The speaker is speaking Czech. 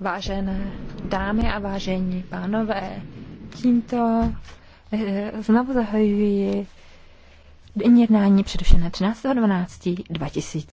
Vážené dámy a vážení pánové, tímto eh, znovu zahajuji jednání předušené 13.12.2000.